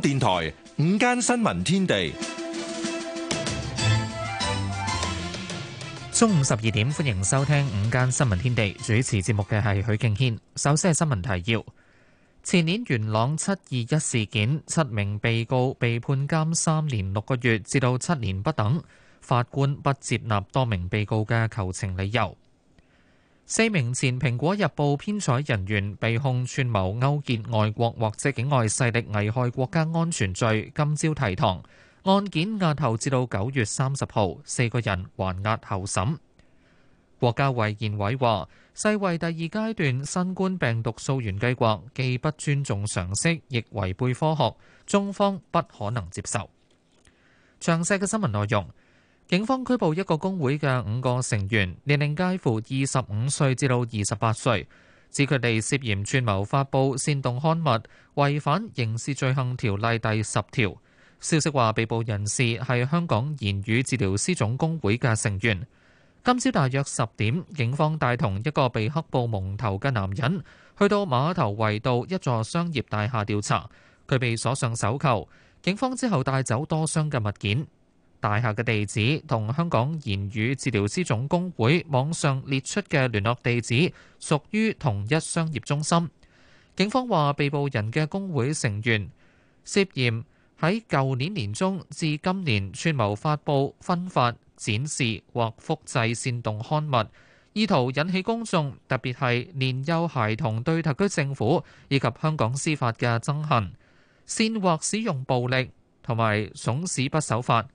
電台午間新聞天地，中午十二點，歡迎收聽午間新聞天地。主持節目嘅係許敬軒。首先係新聞提要：前年元朗七二一事件，七名被告被判監三年六個月至到七年不等，法官不接納多名被告嘅求情理由。四名前《蘋果日報》編採人員被控串謀勾結外國或者境外勢力危害國家安全罪，今朝提堂。案件押後至到九月三十號，四個人還押候審。國家衛健委話：世衛第二階段新冠病毒溯源計劃既不尊重常識，亦違背科學，中方不可能接受。詳細嘅新聞內容。警方拘捕一個工會嘅五個成員，年齡介乎二十五歲至到二十八歲，指佢哋涉嫌串謀發布煽動刊物，違反刑事罪行條例第十條。消息話被捕人士係香港言語治療師總工會嘅成員。今朝大約十點，警方帶同一個被黑布蒙頭嘅男人去到馬頭圍道一座商業大廈調查，佢被鎖上手扣。警方之後帶走多箱嘅物件。大廈嘅地址同香港言語治療師總工會網上列出嘅聯絡地址屬於同一商業中心。警方話，被捕人嘅工會成員涉嫌喺舊年年中至今年串謀發佈、分發、展示或複製煽動刊物，意圖引起公眾，特別係年幼孩童對特區政府以及香港司法嘅憎恨，煽惑使用暴力，同埋慫使不守法。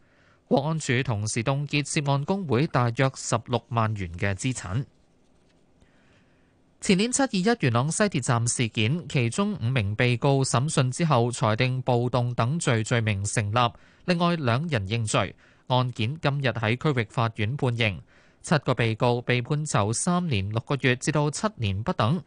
國安處同時凍結涉案工會大約十六萬元嘅資產。前年七二一元朗西鐵站事件，其中五名被告審訊之後裁定暴動等罪罪名成立，另外兩人認罪。案件今日喺區域法院判刑，七個被告被判囚三年六個月至到七年不等。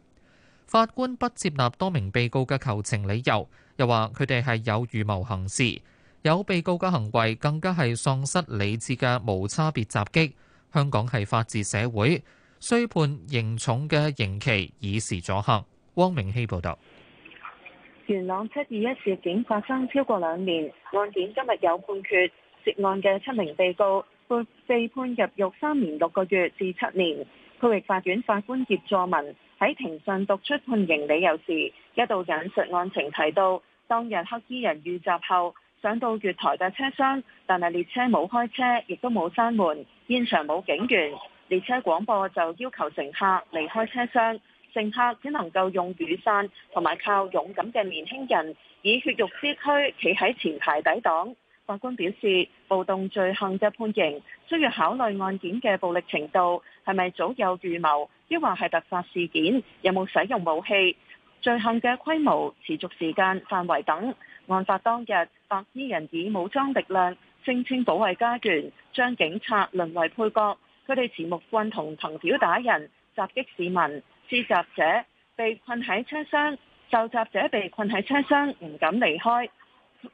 法官不接納多名被告嘅求情理由，又話佢哋係有預謀行事。有被告嘅行為更加係喪失理智嘅無差別襲擊。香港係法治社會，須判刑重嘅刑期，以示阻嚇。汪明熙報導，元朗七二一事件發生超過兩年，案件今日有判決。涉案嘅七名被告被被判入獄三年六個月至七年。區域法院法官葉佐文喺庭上讀出判刑理由時，一度引述案情，提到當日黑衣人遇襲後，上到月台嘅車廂，但係列車冇開車，亦都冇閂門，現場冇警員，列車廣播就要求乘客離開車廂，乘客只能夠用雨傘同埋靠勇敢嘅年輕人以血肉之軀企喺前排抵擋。法官表示，暴動罪行嘅判刑需要考慮案件嘅暴力程度，係咪早有預謀，抑或係突發事件，有冇使用武器，罪行嘅規模、持續時間、範圍等。案發當日，白衣人以武裝力量聲稱保衛家園，將警察淪為配角。佢哋持木棍同藤條打人，襲擊市民。施襲者被困喺車廂，受襲者被困喺車廂，唔敢離開。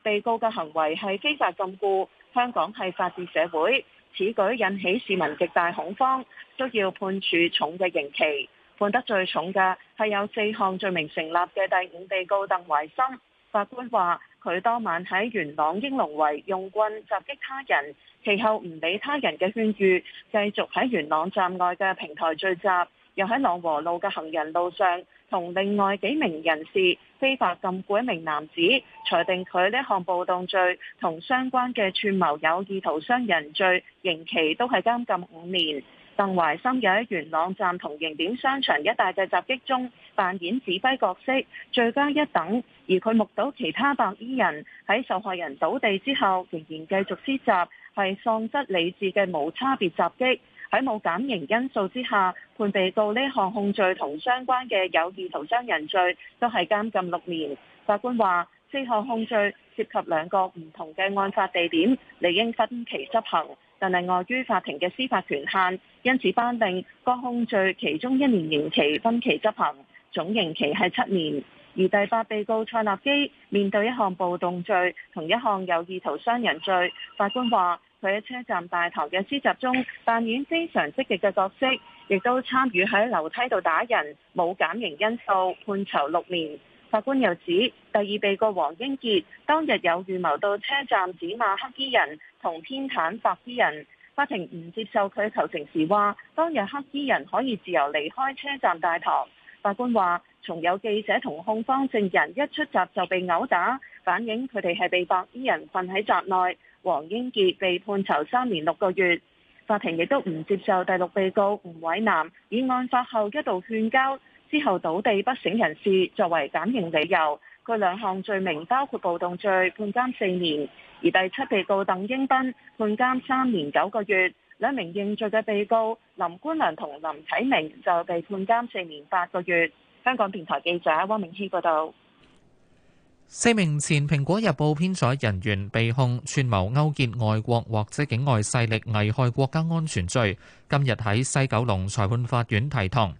被告嘅行為係非法禁錮。香港係法治社會，此舉引起市民極大恐慌，都要判處重嘅刑期。判得最重嘅係有四項罪名成立嘅第五被告鄧懷森。法官話：佢當晚喺元朗英龍圍用棍襲擊他人，其後唔理他人嘅勸喻，繼續喺元朗站外嘅平台聚集，又喺朗和路嘅行人路上同另外幾名人士非法禁錮一名男子。裁定佢呢項暴動罪同相關嘅串謀有意圖傷人罪，刑期都係監禁五年。鄧懷琛有喺元朗站同形點商場一帶嘅襲擊中扮演指揮角色，罪加一等，而佢目睹其他白衣人喺受害人倒地之後仍然繼續施襲，係喪失理智嘅無差別襲擊。喺冇減刑因素之下，判被告呢項控罪同相關嘅有意圖傷人罪都係監禁六年。法官話四項控罪涉及兩個唔同嘅案發地點，理應分期執行。但係礙於法庭嘅司法權限，因此頒令各控罪其中一年刑期分期執行，總刑期係七年。而第八被告蔡立基面對一項暴動罪同一項有意圖傷人罪，法官話佢喺車站大堂嘅滋集中扮演非常積極嘅角色，亦都參與喺樓梯度打人，冇減刑因素，判囚六年。法官又指第二被告黃英傑當日有預謀到車站指罵黑衣人。同偏袒白衣人，法庭唔接受佢求情時話，當日黑衣人可以自由離開車站大堂。法官話，從有記者同控方證人一出閘就被毆打，反映佢哋係被白衣人困喺閘內。黃英傑被判囚三年六個月。法庭亦都唔接受第六被告吳偉南以案發後一度勸交之後倒地不省人事作為減刑理由。佢兩項罪名包括暴動罪，判監四年；而第七被告鄧英斌判監三年九個月。兩名認罪嘅被告林冠良同林啟明就被判監四年八個月。香港電台記者汪明熙報導。四名前《蘋果日報》編採人員被控串謀勾結外國或者境外勢力危害國家安全罪，今日喺西九龍裁判法院提堂。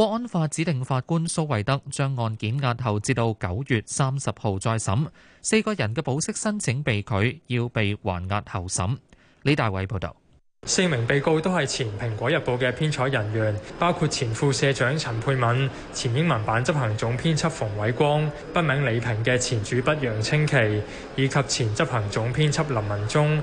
國安法指定法官蘇慧德將案件押後，至到九月三十號再審。四個人嘅保釋申請被拒，要被還押候審。李大偉報道：四名被告都係前蘋果日報嘅編採人員，包括前副社長陳佩敏、前英文版執行總編輯馮偉光、筆名李平嘅前主筆楊清奇，以及前執行總編輯林文忠。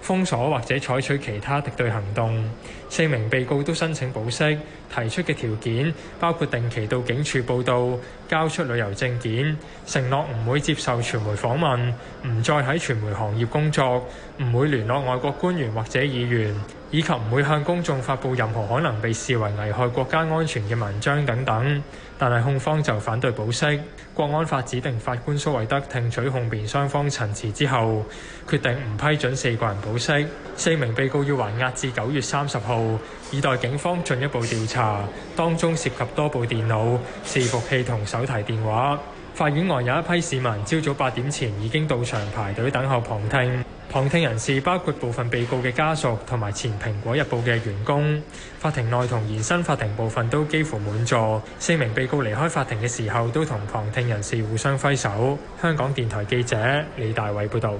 封鎖或者採取其他敵對行動。四名被告都申請保釋，提出嘅條件包括定期到警署報到、交出旅遊證件、承諾唔會接受傳媒訪問、唔再喺傳媒行業工作、唔會聯絡外國官員或者議員，以及唔會向公眾發布任何可能被視為危害國家安全嘅文章等等。但係控方就反對保釋，國安法指定法官蘇惠德聽取控辯雙方陳詞之後，決定唔批准四個人保釋。四名被告要還押至九月三十號，以待警方進一步調查，當中涉及多部電腦、伺服器同手提電話。法院外有一批市民，朝早八點前已經到場排隊等候旁聽。旁聽人士包括部分被告嘅家屬同埋前蘋果日報嘅員工。法庭內同延伸法庭部分都幾乎滿座。四名被告離開法庭嘅時候都同旁聽人士互相揮手。香港電台記者李大偉報導。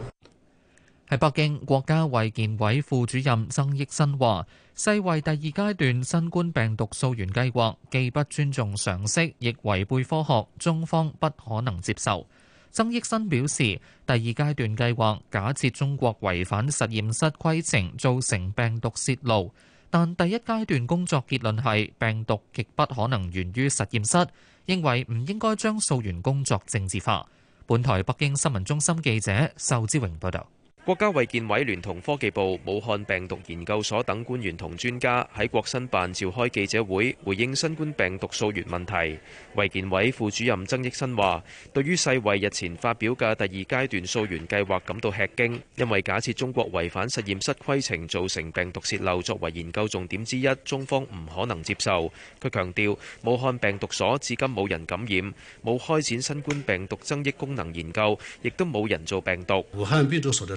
喺北京，國家衛健委副主任曾益新話，世衛第二階段新冠病毒溯源計劃既不尊重常識，亦違背科學，中方不可能接受。曾益新表示，第二階段計劃假設中國違反實驗室規程造成病毒泄露，但第一階段工作結論係病毒極不可能源於實驗室，認為唔應該將溯源工作政治化。本台北京新聞中心記者仇之榮報道。國家衛健委聯同科技部、武漢病毒研究所等官員同專家喺國新辦召開記者會，回應新冠病毒溯源問題。衛健委副主任曾益新話，對於世衛日前發表嘅第二階段溯源計劃感到吃驚，因為假設中國違反實驗室規程造成病毒洩漏作為研究重點之一，中方唔可能接受。佢強調，武漢病毒所至今冇人感染，冇開展新冠病毒增益功能研究，亦都冇人造病毒。武漢病毒所的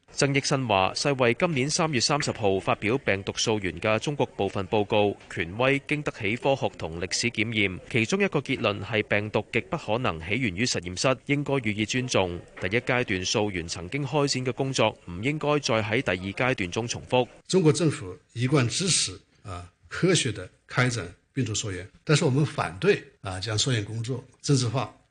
曾益新話：世衛今年三月三十號發表病毒溯源嘅中國部分報告，權威經得起科學同歷史檢驗。其中一個結論係病毒極不可能起源於實驗室，應該予以尊重。第一階段溯源曾經開展嘅工作，唔應該再喺第二階段中重複。中國政府一貫支持啊科學的開展病毒溯源，但是我們反對啊將溯源工作政治化。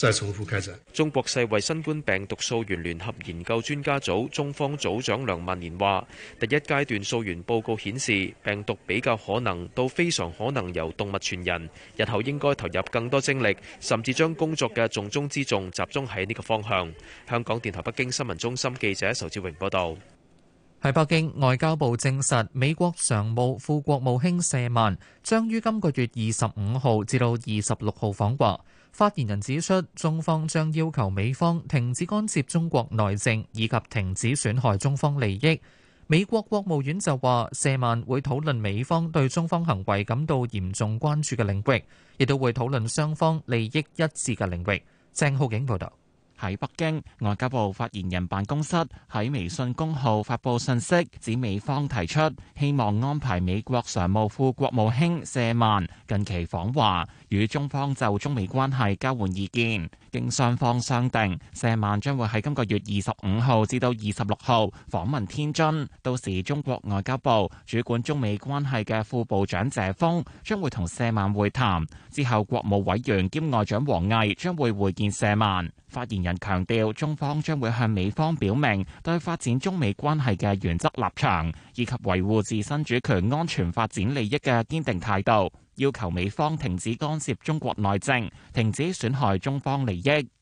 真係重複中國世衛新冠病毒溯源聯合研究專家組中方組長梁萬年話：第一階段溯源報告顯示，病毒比較可能到非常可能由動物傳人。日後應該投入更多精力，甚至將工作嘅重中之重集中喺呢個方向。香港電台北京新聞中心記者仇志榮報導。喺北京，外交部證實，美國常務副國務卿謝曼將於今個月二十五號至到二十六號訪華。發言人指出，中方將要求美方停止干涉中國內政以及停止損害中方利益。美國國務院就話，謝曼會討論美方對中方行為感到嚴重關注嘅領域，亦都會討論雙方利益一致嘅領域。鄭浩景報道。喺北京外交部發言人辦公室喺微信公號發布信息，指美方提出希望安排美國常務副國務卿舍曼近期訪華與中方就中美關係交換意見。經雙方商定，謝曼將會喺今個月二十五號至到二十六號訪問天津。到時，中國外交部主管中美關係嘅副部長謝鋒將會同謝曼會談。之後，國務委員兼外長王毅將會會見謝曼。發言人強調，中方將會向美方表明對發展中美關係嘅原則立場，以及維護自身主權、安全、發展利益嘅堅定態度。要求美方停止干涉中國內政，停止損害中方利益。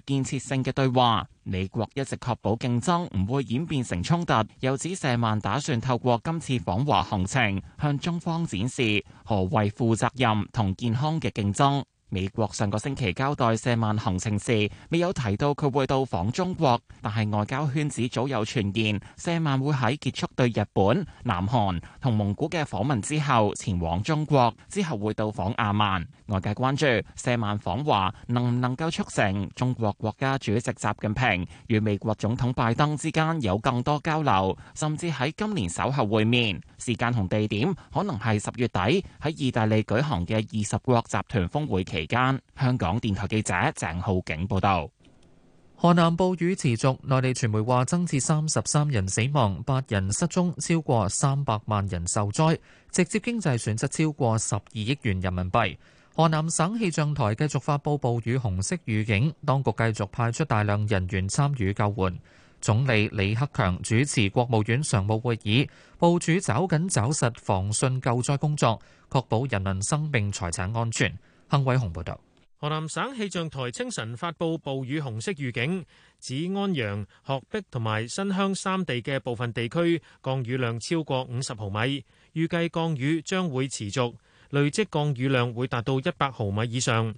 建設性嘅對話，美國一直確保競爭唔會演變成衝突。又指謝曼打算透過今次訪華行程，向中方展示何謂負責任同健康嘅競爭。美國上個星期交代謝曼行程時，未有提到佢會到訪中國，但係外交圈子早有傳言，謝曼會喺結束對日本、南韓同蒙古嘅訪問之後前往中國，之後會到訪阿曼。外界關注謝曼訪華能唔能夠促成中國國家主席習近平與美國總統拜登之間有更多交流，甚至喺今年稍後會面。時間同地點可能係十月底喺意大利舉行嘅二十國集團峰會期期間，香港電台記者鄭浩景報道：河南暴雨持續，內地傳媒話增至三十三人死亡，八人失蹤，超過三百萬人受災，直接經濟損失超過十二億元人民幣。河南省氣象台繼續發布暴雨紅色預警，當局繼續派出大量人員參與救援。總理李克強主持國務院常務會議，部署抓緊抓實防汛救災工作，確保人民生命財產安全。湯偉雄報道，河南省氣象台清晨發佈暴雨紅色預警，指安陽、鶴壁同埋新鄉三地嘅部分地區降雨量超過五十毫米，預計降雨將會持續，累積降雨量會達到一百毫米以上。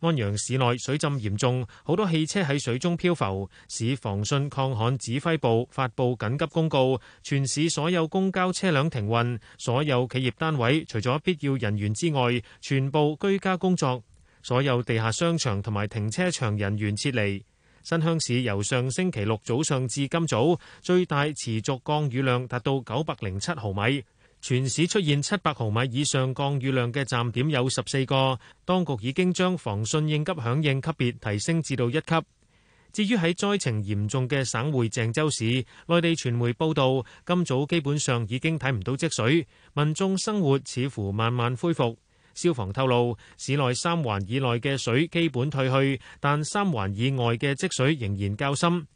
安陽市內水浸嚴重，好多汽車喺水中漂浮。市防汛抗旱指揮部發佈緊急公告，全市所有公交車輛停運，所有企業單位除咗必要人員之外，全部居家工作。所有地下商場同埋停車場人員撤離。新鄉市由上星期六早上至今早，最大持續降雨量達到九百零七毫米。全市出現七百毫米以上降雨量嘅站點有十四個，當局已經將防汛應急響應級別提升至到一級。至於喺災情嚴重嘅省會鄭州市，內地傳媒報道，今早基本上已經睇唔到積水，民眾生活似乎慢慢恢復。消防透露，市內三環以內嘅水基本退去，但三環以外嘅積水仍然較深。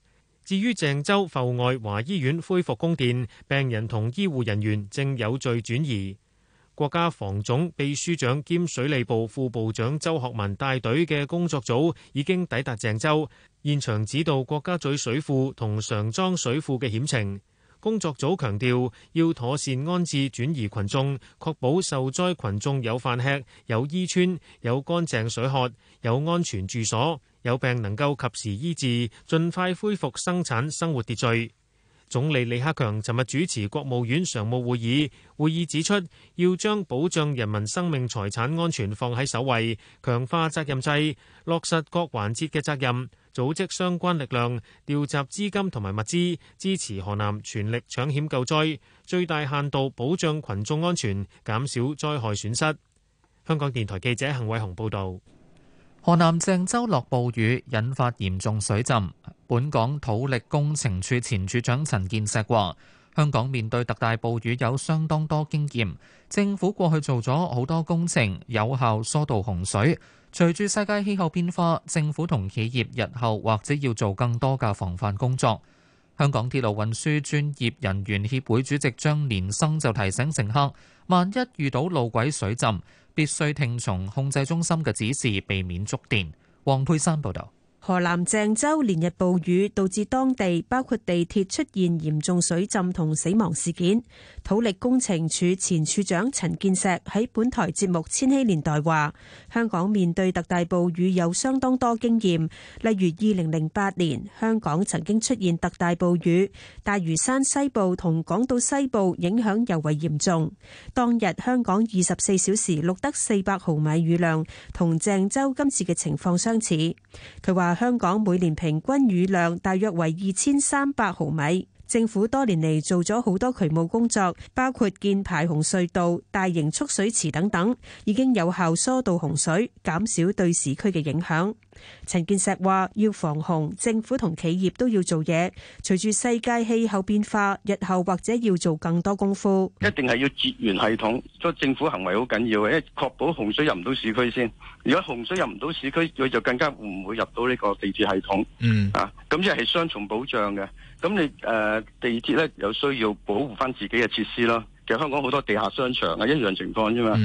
至於鄭州阜外華醫院恢復供電，病人同醫護人員正有序轉移。國家防總秘書長兼水利部副部長周學文帶隊嘅工作組已經抵達鄭州，現場指導國家嘴水庫同常莊水庫嘅險情。工作組強調，要妥善安置轉移群眾，確保受災群眾有飯吃、有衣穿、有乾淨水喝、有安全住所、有病能夠及時醫治，盡快恢復生產生活秩序。總理李克強尋日主持國務院常務會議，會議指出，要將保障人民生命財產安全放喺首位，強化責任制，落實各環節嘅責任。組織相關力量，調集資金同埋物資，支持河南全力搶險救災，最大限度保障群眾安全，減少災害損失。香港電台記者陳偉雄報道，河南鄭州落暴雨，引發嚴重水浸。本港土力工程處前處長陳建石話，香港面對特大暴雨有相當多經驗，政府過去做咗好多工程，有效疏導洪水。隨住世界氣候變化，政府同企業日後或者要做更多嘅防範工作。香港鐵路運輸專業人員協會主席張連生就提醒乘客，萬一遇到路軌水浸，必須聽從控制中心嘅指示，避免觸電。黃佩珊報導。河南鄭州連日暴雨導致當地包括地鐵出現嚴重水浸同死亡事件。土力工程署前處長陳建石喺本台節目《千禧年代》話：香港面對特大暴雨有相當多經驗，例如2008年香港曾經出現特大暴雨，大嶼山西部同港島西部影響尤為嚴重。當日香港24小時錄得400毫米雨量，同鄭州今次嘅情況相似。佢話：香港每年平均雨量大約為二千三百毫米，政府多年嚟做咗好多渠務工作，包括建排洪隧道、大型蓄水池等等，已經有效疏導洪水，減少對市區嘅影響。陳建石話：要防洪，政府同企業都要做嘢。隨住世界氣候變化，日後或者要做更多功夫。一定係要截源系統，所以政府行為好緊要，因為確保洪水入唔到市區先。如果洪水入唔到市區，佢就更加唔會入到呢個地鐵系統。嗯啊，咁即係雙重保障嘅。咁你誒地鐵咧，有需要保護翻自己嘅設施咯。其實香港好多地下商場係一樣情況啫嘛。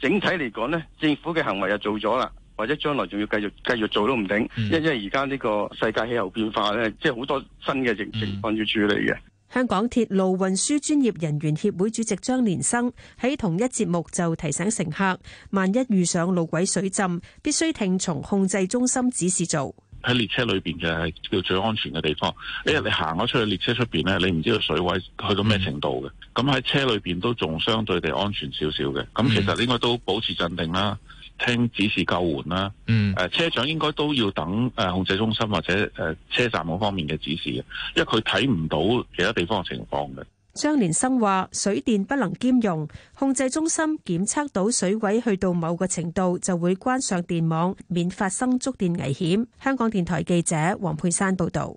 整體嚟講咧，政府嘅行為就做咗啦。或者將來仲要繼續繼續做都唔定，因、嗯、因為而家呢個世界氣候變化咧，即係好多新嘅形情況要處理嘅。嗯、香港鐵路運輸專業人員協會,會主席張連生喺同一節目就提醒乘客，萬一遇上路軌水浸，必須聽從控制中心指示做。喺列車裏邊嘅係叫最安全嘅地方，嗯、因為你你行咗出去列車出邊咧，你唔知道水位去到咩程度嘅。咁喺、嗯、車裏邊都仲相對地安全少少嘅，咁、嗯、其實應該都保持鎮定啦。聽指示救援啦，誒車長應該都要等誒控制中心或者誒車站嗰方面嘅指示，因為佢睇唔到其他地方嘅情況嘅。張連生話，水電不能兼容，控制中心檢測到水位去到某個程度就會關上電網，免發生觸電危險。香港電台記者黃佩珊報導。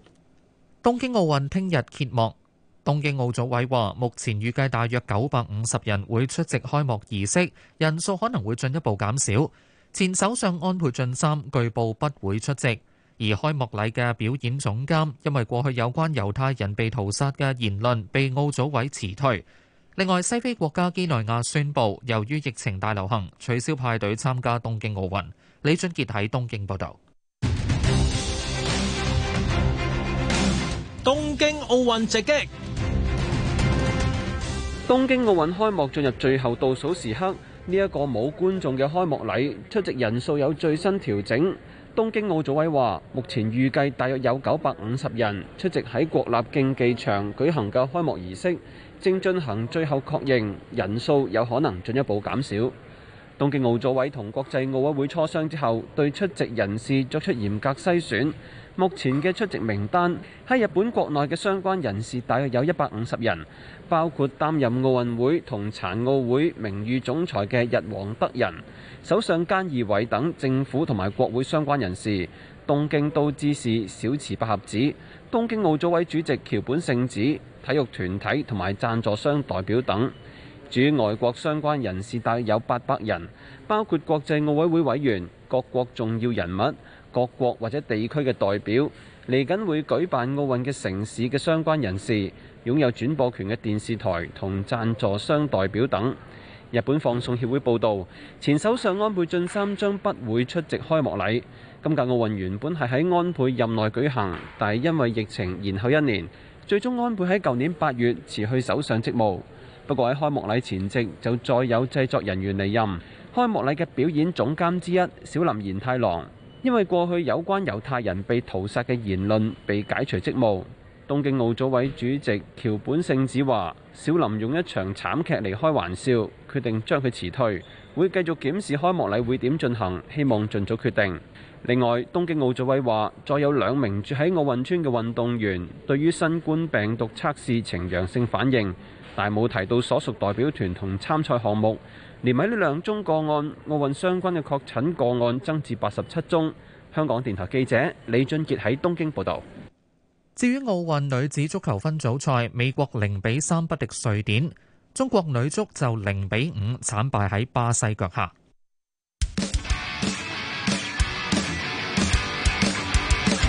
東京奧運聽日揭幕。東京奧組委話，目前預計大約九百五十人會出席開幕儀式，人數可能會進一步減少。前首相安倍晉三據報不會出席。而開幕禮嘅表演總監，因為過去有關猶太人被屠殺嘅言論，被奧組委辭退。另外，西非國家幾內亞宣布，由於疫情大流行，取消派隊參加東京奧運。李俊杰喺東京報道。東京奧運直擊。東京奧運開幕進入最後倒數時刻，呢、這、一個冇觀眾嘅開幕禮，出席人數有最新調整。東京奧組委話，目前預計大約有九百五十人出席喺國立競技場舉行嘅開幕儀式，正進行最後確認，人數有可能進一步減少。東京奧組委同國際奧委會磋商之後，對出席人士作出嚴格篩選。目前嘅出席名單喺日本國內嘅相關人士，大約有一百五十人，包括擔任奧運會同殘奧會名譽總裁嘅日皇德仁、首相菅義偉等政府同埋國會相關人士、東京都知事小池百合子、東京奧組委主席橋本聖子、體育團體同埋贊助商代表等。主外國相關人士大約有八百人，包括國際奧委會委員、各國重要人物、各國或者地區嘅代表、嚟緊會舉辦奧運嘅城市嘅相關人士、擁有轉播權嘅電視台同贊助商代表等。日本放送協會報導，前首相安倍晉三將不會出席開幕禮。今屆奧運原本係喺安倍任內舉行，但係因為疫情延後一年，最終安倍喺舊年八月辭去首相職務。不過喺開幕禮前夕就再有製作人員離任。開幕禮嘅表演總監之一小林賢太郎，因為過去有關猶太人被屠殺嘅言論，被解除職務。東京奧組委主席橋本聖子話：小林用一場慘劇嚟開玩笑，決定將佢辭退。會繼續檢視開幕禮會點進行，希望盡早決定。另外，東京奧組委話再有兩名住喺奧運村嘅運動員對於新冠病毒測試呈陽性反應。但冇提到所屬代表團同參賽項目，連埋呢兩宗個案，奧運相關嘅確診個案增至八十七宗。香港電台記者李俊傑喺東京報道。至於奧運女子足球分組賽，美國零比三不敵瑞典，中國女足就零比五慘敗喺巴西腳下。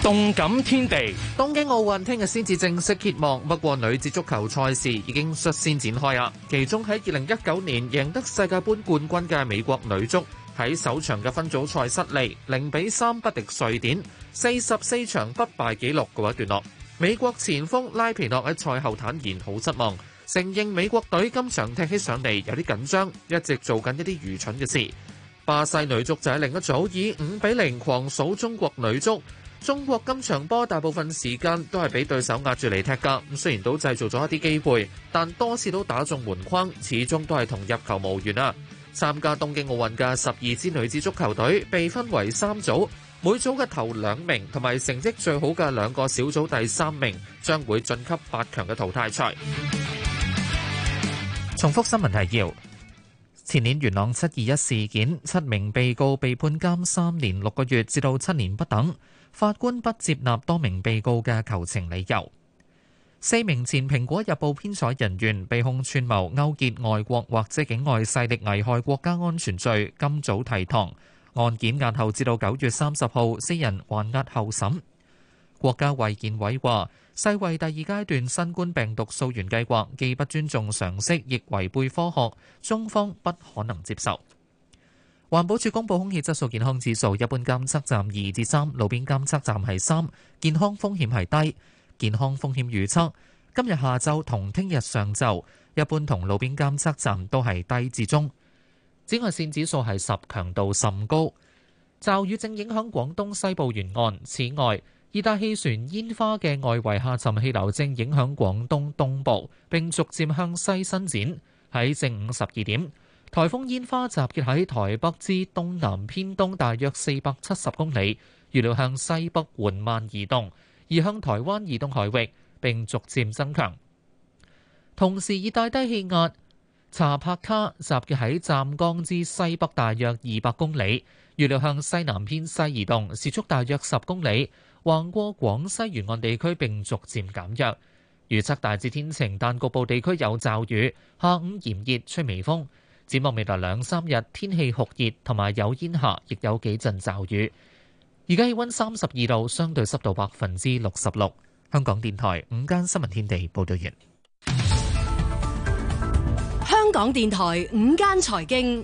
動感天地，東京奧運聽日先至正式揭幕，不過女子足球賽事已經率先展開啊，其中喺二零一九年贏得世界杯冠軍嘅美國女足喺首場嘅分組賽失利，零比三不敵瑞典，四十四場不敗紀錄告一段落。美國前鋒拉皮諾喺賽後坦言好失望，承認美國隊今場踢起上嚟，有啲緊張，一直做緊一啲愚蠢嘅事。巴西女足就喺另一組以五比零狂掃中國女足。中國今場波大部分時間都係俾對手壓住嚟踢㗎，咁雖然都製造咗一啲機會，但多次都打中門框，始終都係同入球無緣啊！參加東京奧運嘅十二支女子足球隊被分為三組，每組嘅頭兩名同埋成績最好嘅兩個小組第三名將會晉級八強嘅淘汰賽。重複新聞提要：前年元朗七二一事件，七名被告被判監三年六個月至到七年不等。法官不接納多名被告嘅求情理由。四名前《蘋果日報》編採人員被控串謀勾結外國或者境外勢力危害國家安全罪，今早提堂。案件押後至到九月三十號，四人還押候審。國家衛健委話，世衛第二階段新冠病毒溯源計劃既不尊重常識，亦違背科學，中方不可能接受。環保署公布空氣質素健康指數，一般監測站二至三，路邊監測站係三，健康風險係低。健康風險預測今日下晝同聽日上晝，一般同路邊監測站都係低至中。紫外線指數係十，強度甚高。驟雨正影響廣東西部沿岸。此外，熱帶氣旋煙花嘅外圍下沉氣流正影響廣東東部，並逐漸向西伸展。喺正午十二點。颱風煙花集結喺台北之東南偏東，大約四百七十公里，預料向西北緩慢移動，移向台灣移動海域，並逐漸增強。同時，熱帶低氣壓查帕卡集結喺湛江之西北，大約二百公里，預料向西南偏西移動，時速大約十公里，橫過廣西沿岸地區，並逐漸減弱。預測大致天晴，但局部地區有驟雨。下午炎熱，吹微風。展望未來兩三日，天氣酷熱同埋有煙霞，亦有幾陣驟雨。而家氣溫三十二度，相對濕度百分之六十六。香港電台午間新聞天地報道完。香港電台午間財經，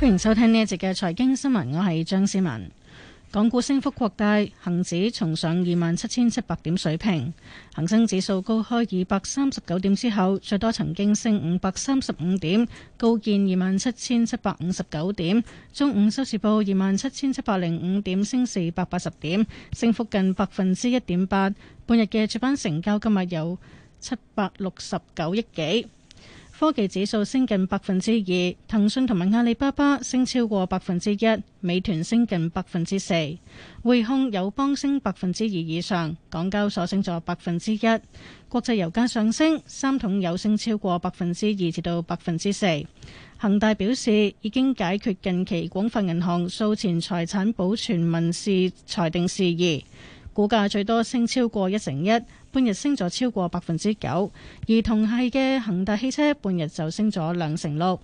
歡迎收聽呢一節嘅財經新聞，我係張思文。港股升幅擴大，恒指重上二萬七千七百點水平，恒生指數高開二百三十九點之後，最多曾經升五百三十五點，高見二萬七千七百五十九點，中午收市報二萬七千七百零五點，升四百八十點，升幅近百分之一點八。半日嘅主板成交今日有七百六十九億幾。科技指數升近百分之二，騰訊同埋阿里巴巴升超過百分之一，美團升近百分之四。匯控友邦升百分之二以上，港交所升咗百分之一。國際油價上升，三桶油升超過百分之二至到百分之四。恒大表示已經解決近期廣發銀行訴前財產保全民事裁定事宜，股價最多升超過一成一。半日升咗超過百分之九，而同系嘅恒大汽車半日就升咗兩成六。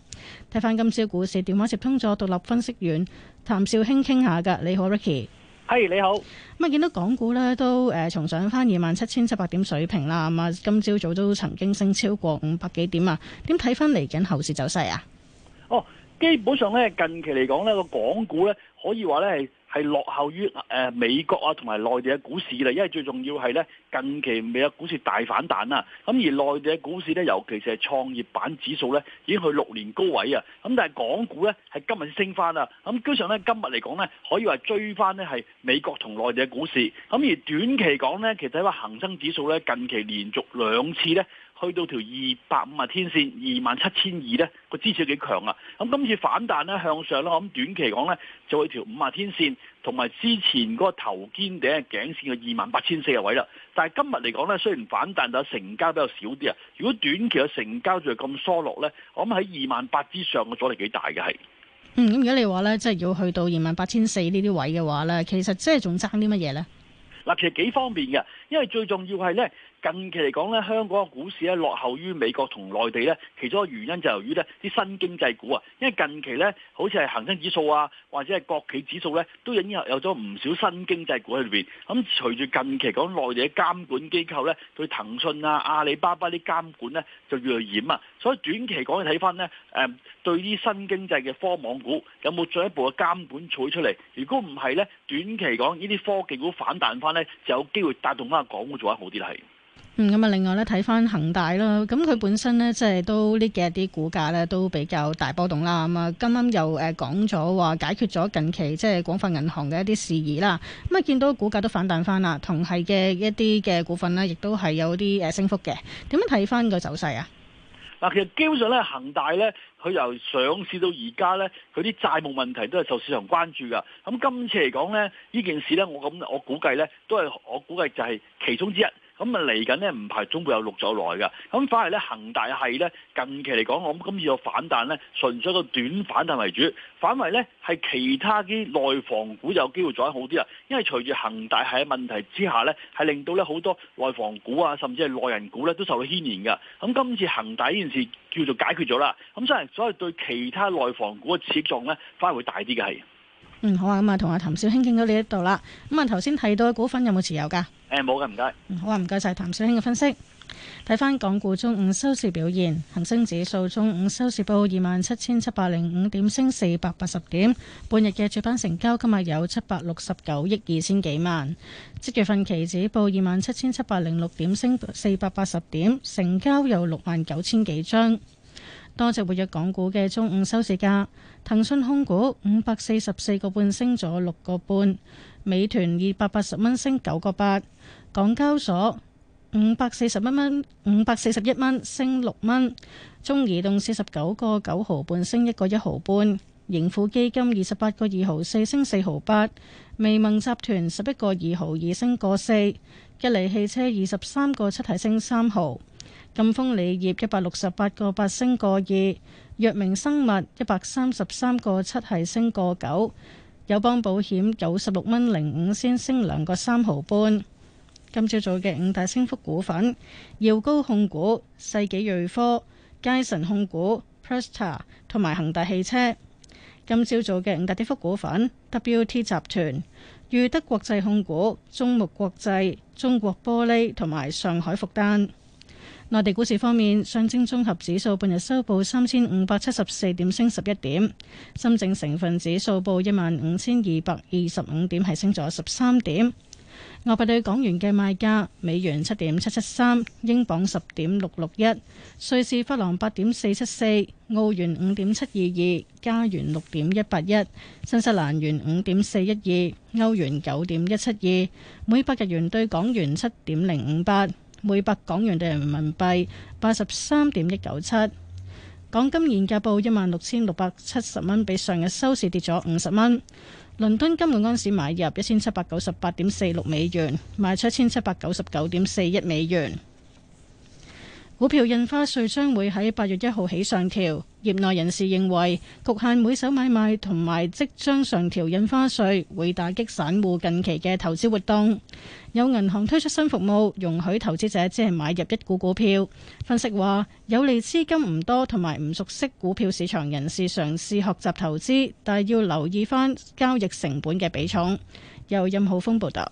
睇翻今朝股市，電話接通咗獨立分析員譚少卿傾下㗎。你好，Ricky。係、hey, 你好。咁啊，見到港股呢都誒、呃、重上翻二萬七千七百點水平啦。咁、嗯、啊，今朝早都曾經升超過五百幾點啊。點睇翻嚟緊後市走勢啊？哦，oh, 基本上呢，近期嚟講呢個港股呢，可以話呢係。係落後於誒、呃、美國啊同埋內地嘅股市啦，因為最重要係咧，近期美國股市大反彈啦。咁而內地嘅股市咧，尤其是係創業板指數咧，已經去六年高位啊。咁但係港股咧，係今日升翻啦。咁、嗯、基本上咧，今日嚟講咧，可以話追翻咧係美國同內地嘅股市。咁、嗯、而短期講咧，其實話恒生指數咧，近期連續兩次咧。去到條二百五十天線二萬七千二咧，27，呢，個支持幾強啊！咁今次反彈咧向上，我諗，咁短期講咧就係條五十天線同埋之前嗰個頭肩頂頸線嘅二萬八千四嘅位啦。但係今日嚟講咧，雖然反彈，但係成交比較少啲啊。如果短期嘅成交仲係咁疏落咧，我諗喺二萬八之上嘅阻力幾大嘅係。嗯，咁如果你話咧，即係要去到二萬八千四呢啲位嘅話咧，其實即係仲爭啲乜嘢咧？嗱，其實幾方便嘅，因為最重要係咧。近期嚟講咧，香港嘅股市咧落後於美國同內地咧，其中一個原因就由於咧啲新經濟股啊，因為近期咧好似係恒生指數啊，或者係國企指數咧，都已經有咗唔少新經濟股喺裏邊。咁隨住近期講內地嘅監管機構咧，對騰訊啊、阿里巴巴啲監管咧就越嚟越嚴啊，所以短期講你睇翻咧，誒、嗯、對啲新經濟嘅科網股有冇進一步嘅監管取出嚟？如果唔係咧，短期講呢啲科技股反彈翻咧，就有機會帶動翻港股做得好啲啦，咁啊，另外咧睇翻恒大啦，咁佢本身呢，即係都呢幾日啲股價呢，都比較大波動啦。咁啊，今啱又誒講咗話解決咗近期即係廣發銀行嘅一啲事宜啦。咁啊，見到股價都反彈翻啦，同系嘅一啲嘅股份呢，亦都係有啲誒升幅嘅。點樣睇翻個走勢啊？嗱，其實基本上呢，恒大呢，佢由上市到而家呢，佢啲債務問題都係受市場關注噶。咁今次嚟講呢，呢件事呢，我咁我估計呢，都係我估計就係其中之一。咁咪嚟緊呢，唔排中部有六咗耐嘅，咁反而呢，恒大係呢近期嚟講，我諗今次個反彈呢，純粹個短反彈為主，反而呢，係其他啲內房股有機會做得好啲啊！因為隨住恒大係問題之下呢，係令到呢好多內房股啊，甚至係內人股呢，都受到牽連嘅。咁今次恒大呢件事叫做解決咗啦，咁所以所以對其他內房股嘅始終呢，反而會大啲嘅係。嗯，好啊，咁啊同阿譚少卿傾到呢一度啦。咁啊頭先提到嘅股份有冇持有噶？誒，冇嘅，唔該、嗯。好啊，唔該晒譚少卿嘅分析。睇翻，港股中午收市表現，恒生指數中午收市報二萬七千七百零五點，升四百八十點。半日嘅主板成交今日有七百六十九億二千幾萬。即月份期指報二萬七千七百零六點，升四百八十點，成交有六萬九千幾張。多隻活躍港股嘅中午收市價，騰訊控股五百四十四個半升咗六個半，美團二百八十蚊升九個八，港交所五百四十一蚊五百四十一蚊升六蚊，中移動四十九個九毫半升一個一毫半，盈富基金二十八個二毫四升四毫八，微盟集團十一個二毫二升個四，吉利汽車二十三個七毫升三毫。金峰鋰業一百六十八個八升個二，藥明生物一百三十三個七係升個九，友邦保險九十六蚊零五先升兩個三毫半。今朝早嘅五大升幅股份：耀高控股、世紀瑞科、佳臣控股、Presta 同埋恒大汽車。今朝早嘅五大跌幅股份：W T 集團、裕德國際控股、中牧國際、中國玻璃同埋上海復旦。內地股市方面，上證綜合指數半日收報三千五百七十四點，升十一點；深證成分指數報一萬五千二百二十五點，係升咗十三點。外幣對港元嘅賣價，美元七點七七三，英鎊十點六六一，瑞士法郎八點四七四，澳元五點七二二，加元六點一八一，新西蘭元五點四一二，歐元九點一七二，每百日元對港元七點零五八。每百港元兌人民幣八十三點一九七，港金現價報一萬六千六百七十蚊，比上日收市跌咗五十蚊。倫敦金每安士買入一千七百九十八點四六美元，賣出一千七百九十九點四一美元。股票印花稅將會喺八月一號起上調，業內人士認為局限每手買賣同埋即將上調印花稅會打擊散戶近期嘅投資活動，有銀行推出新服務容許投資者只係買入一股股票。分析話有利資金唔多同埋唔熟悉股票市場人士嘗試學習投資，但係要留意翻交易成本嘅比重。由任浩峰報道。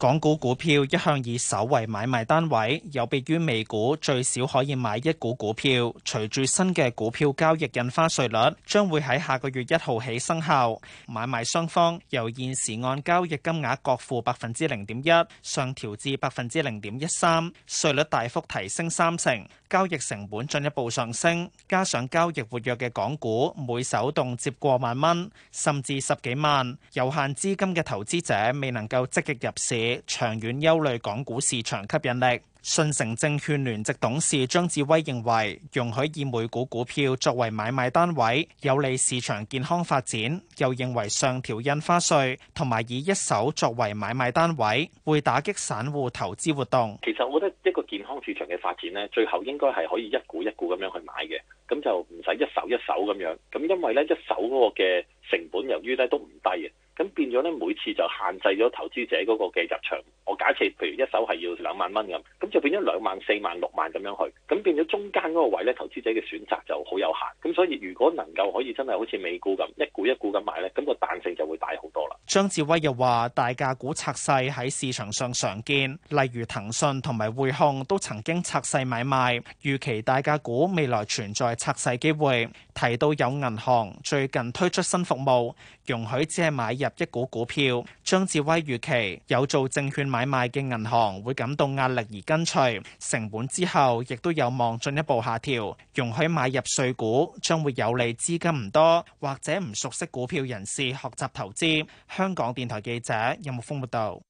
港股股票一向以手為買賣單位，有別於美股最少可以買一股股票。隨住新嘅股票交易印花稅率將會喺下個月一號起生效，買賣雙方由現時按交易金額各付百分之零點一，上調至百分之零點一三，稅率大幅提升三成，交易成本進一步上升。加上交易活躍嘅港股每手動輒過萬蚊，甚至十幾萬，有限資金嘅投資者未能夠積極入市。長遠憂慮港股市場吸引力。信誠證券聯席董事張志威認為，容許以每股股票作為買賣單位有利市場健康發展，又認為上調印花稅同埋以一手作為買賣單位會打擊散戶投資活動。其實我覺得一個健康市場嘅發展咧，最後應該係可以一股一股咁樣去買嘅，咁就唔使一手一手咁樣。咁因為咧一手嗰個嘅成本，由於咧都唔低嘅。咁變咗咧，每次就限制咗投資者嗰個嘅入場。我假設譬如一手係要兩萬蚊咁，咁就變咗兩萬四萬六萬咁樣去。咁變咗中間嗰個位咧，投資者嘅選擇就好有限。咁所以如果能夠可以真係好似美股咁，一股一股咁買咧，咁個彈性就會大好多啦。張志威又話大價股拆細喺市場上常見，例如騰訊同埋匯控都曾經拆細買賣，預期大價股未來存在拆細機會。提到有銀行最近推出新服務。容許只係買入一股股票，張志威預期有做證券買賣嘅銀行會感到壓力而跟隨，成本之後亦都有望進一步下調。容許買入碎股將會有利資金唔多或者唔熟悉股票人士學習投資。香港電台記者任木峰報道。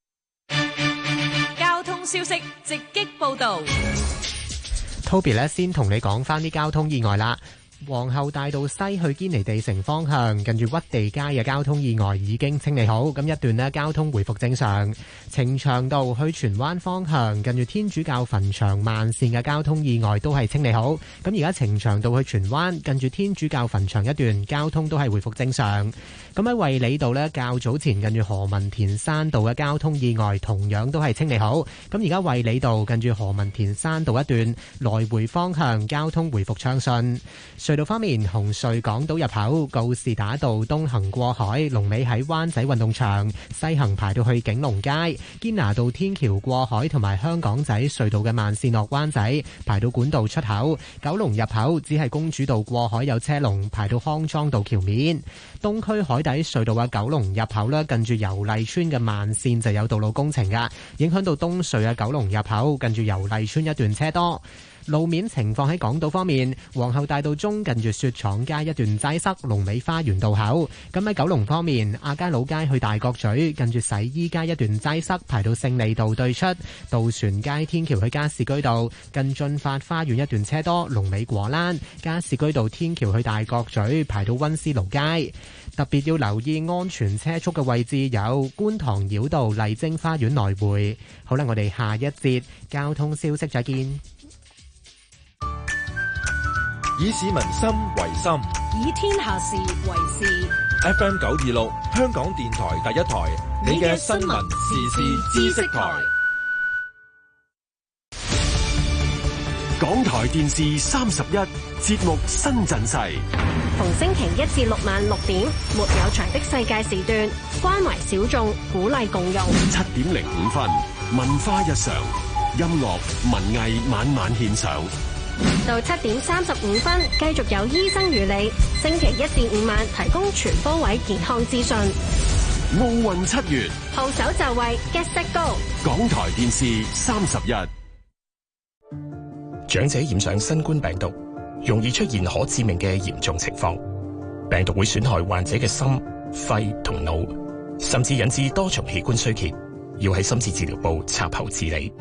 有有交通消息直擊報道。Toby 呢先同你講翻啲交通意外啦。皇后大道西去堅尼地城方向，近住屈地街嘅交通意外已經清理好，咁一段呢交通回復正常。呈祥道去荃灣方向，近住天主教墳場慢線嘅交通意外都係清理好，咁而家呈祥道去荃灣，近住天主教墳場一段交通都係回復正常。咁喺衛理道呢較早前近住何文田山道嘅交通意外同樣都係清理好，咁而家衛理道近住何文田山道一段來回方向交通回復暢順。隧道方面，紅隧港島入口告士打道東行過海，龍尾喺灣仔運動場；西行排到去景隆街，堅拿道天橋過海同埋香港仔隧道嘅慢線落灣仔，排到管道出口。九龍入口只係公主道過海有車龍，排到康莊道橋面。東區海底隧道嘅九龍入口咧，近住油麗村嘅慢線就有道路工程噶，影響到東隧嘅九龍入口，近住油麗村一段車多。路面情況，喺港島方面，皇后大道中近住雪廠街一段擠塞，龍尾花園道口。咁喺九龍方面，亞皆老街去大角咀近住洗衣街一段擠塞，排到勝利道對出渡船街天橋去加士居道近駿發花園一段車多，龍尾果欄加士居道天橋去大角咀排到溫思勞街。特別要留意安全車速嘅位置有觀塘繞道麗晶花園來回。好啦，我哋下一節交通消息再見。以市民心為心，以天下事為事。FM 九二六，香港電台第一台，你嘅新聞、時事、知識台。港台電視三十一節目新陣勢。逢星期一至六晚六點，沒有牆的世界時段，關懷小眾，鼓勵共用。七點零五分，文化日常，音樂、文藝晚晚獻上。到七點三十五分，繼續有醫生與你星期一至五晚提供全方位健康資訊。奧運七月，候手就位，get set go。港台電視三十日，長者染上新冠病毒，容易出現可致命嘅嚴重情況。病毒會損害患者嘅心、肺同腦，甚至引致多重器官衰竭，要喺深切治療部插喉治理。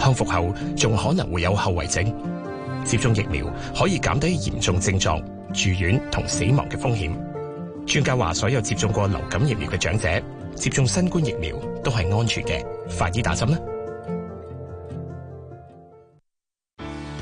康復後仲可能會有後遺症。接種疫苗可以減低嚴重症狀、住院同死亡嘅風險。專家話，所有接種過流感疫苗嘅長者，接種新冠疫苗都係安全嘅。快啲打針啦！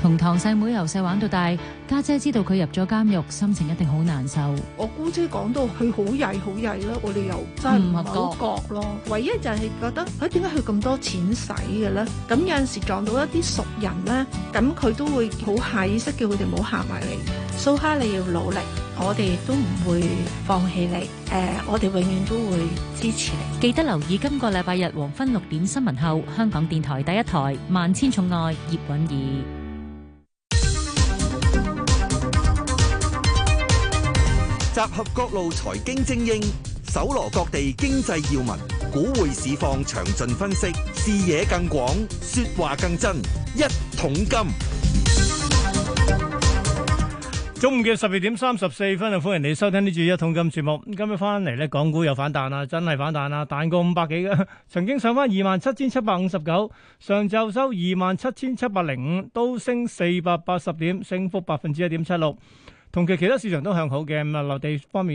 同堂細妹由細玩到大，家姐知道佢入咗監獄，心情一定好難受。我姑姐講到佢好曳好曳咯，我哋又真係唔係到角咯。唯一就係覺得，佢點解佢咁多錢使嘅咧？咁有陣時撞到一啲熟人咧，咁佢都會好下意識叫佢哋唔好行埋嚟。蘇蝦， 你要努力，我哋都唔會放棄你。誒，我哋永遠都會支持你。記得留意今個禮拜日黃昏六點新聞後，香港電台第一台《萬千寵愛》葉蘊儀。集合各路財經精英，搜羅各地經濟要聞，股匯市況詳盡分析，視野更廣，說話更真。一桶金，中午嘅十二點三十四分啊！歡迎你收聽呢節《一桶金》節目。今日翻嚟咧，港股又反彈啦，真係反彈啦，彈過五百幾嘅，曾經上翻二萬七千七百五十九，上晝收二萬七千七百零五，都升四百八十點，升幅百分之一點七六。同期其他市場都向好嘅，咁啊內地方面。